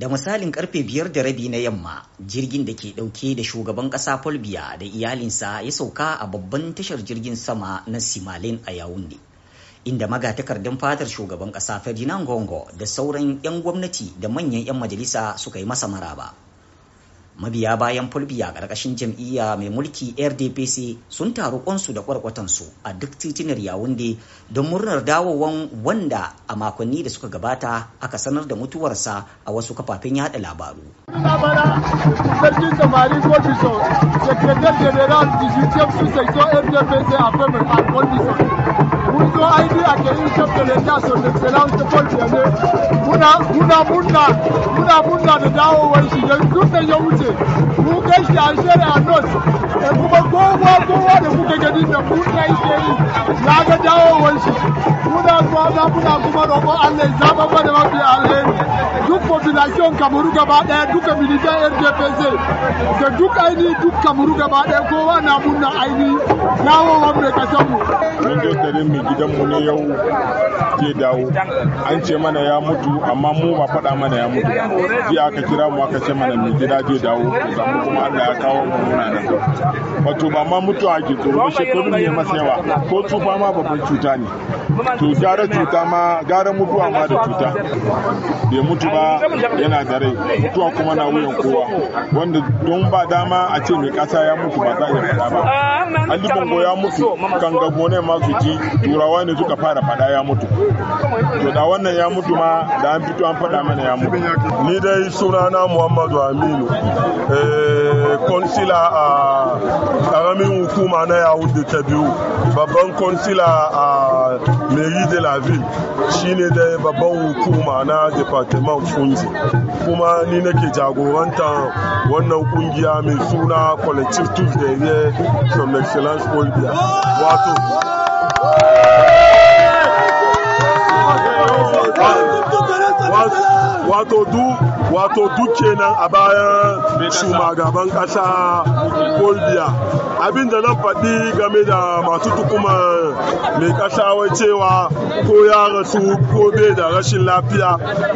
da misalin karfe biyar da rabi na yamma jirgin da ke dauke da shugaban kasa folbiya da iyalinsa ya sauka a babban tashar jirgin sama na simalin a yawunde inda magatakardan fatar shugaban kasa ferdinand gongo da sauran 'yan gwamnati da manyan 'yan majalisa suka yi masa maraba mabiya bayan fulbiya a ƙarƙashin jam'iyya mai mulki rdpc sun taru kwansu da kwarkwatansu a duk titinar yawunde don murnar dawowan wanda a makonni da suka gabata aka sanar da mutuwarsa a wasu kafafen yada labaru Secrétaire général du RDPC a plutôt idea ke yin chef de l'état son excellence Paul Biya muna muna muna muna muna da dawowar shi yanzu da ya wuce mu kai shi an shirya a nos da kuma kowa kowa da kuka gani da mu da yake yi ya ga dawowar shi muna zuwa za muna kuma roƙon Allah ya zaba mana mafi alheri duk population kamaru gaba ɗaya duka militan RDPC da duk aini duk kamaru gaba ɗaya kowa na muna aini dawowar mai kasanmu. wani mai gidanmu ne yau ke dawo an ce mana ya mutu amma mu ba faɗa mana ya mutu jiya aka kira mu aka ce mana mai gida je dawo da mu kuma Allah ya kawo mu muna nan wato ba ma mutu ke tsoro shekaru ne masa yawa ko tsufa ma babban cuta ne to gara cuta ma gara mutuwa ma da cuta bai mutu ba yana da rai mutuwa kuma na wuyan kowa wanda don ba dama a ce mai ƙasa ya mutu ba za a yi faɗa ba Ali Bongo ya mutu kan gabo ne ma su ji turawa ne suka fara fada ya mutu to da wannan ya mutu ma da an fito an fada mana ya mutu ni dai sunana muhammadu aminu eh, konsila a karamin hukuma na yahudu ta biyu babban konsila a mairie de la ville shine dai babban hukuma na departement kunji kuma ni nake jagoranta wannan kungiya mai suna collective tuesday ne from excellence olbia wato What to wato duk kenan a bayan shugaban kasa Bolivia. abin da na faɗi game da masu tukuman mai kasa wai cewa ko ya rasu ko bai da rashin lafiya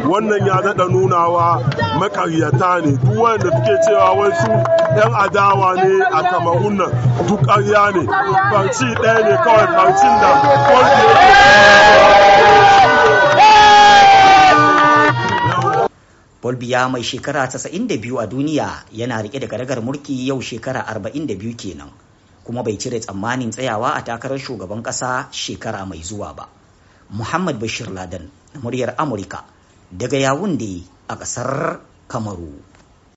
wannan ya daɗa nunawa makaryata ne duk wanda suke cewa wai su yan adawa ne a kamarun nan duk ƙarya ne farci ɗaya ne kawai farcin da kolbiya Folbiya mai shekara da biyu a duniya yana rike da karagar mulki yau shekara arba'in da biyu kenan kuma bai cire tsammanin tsayawa a takarar shugaban ƙasa shekara mai zuwa ba. Muhammad Bashir Laden, muryar Amurka, daga yawun a ƙasar Kamaru.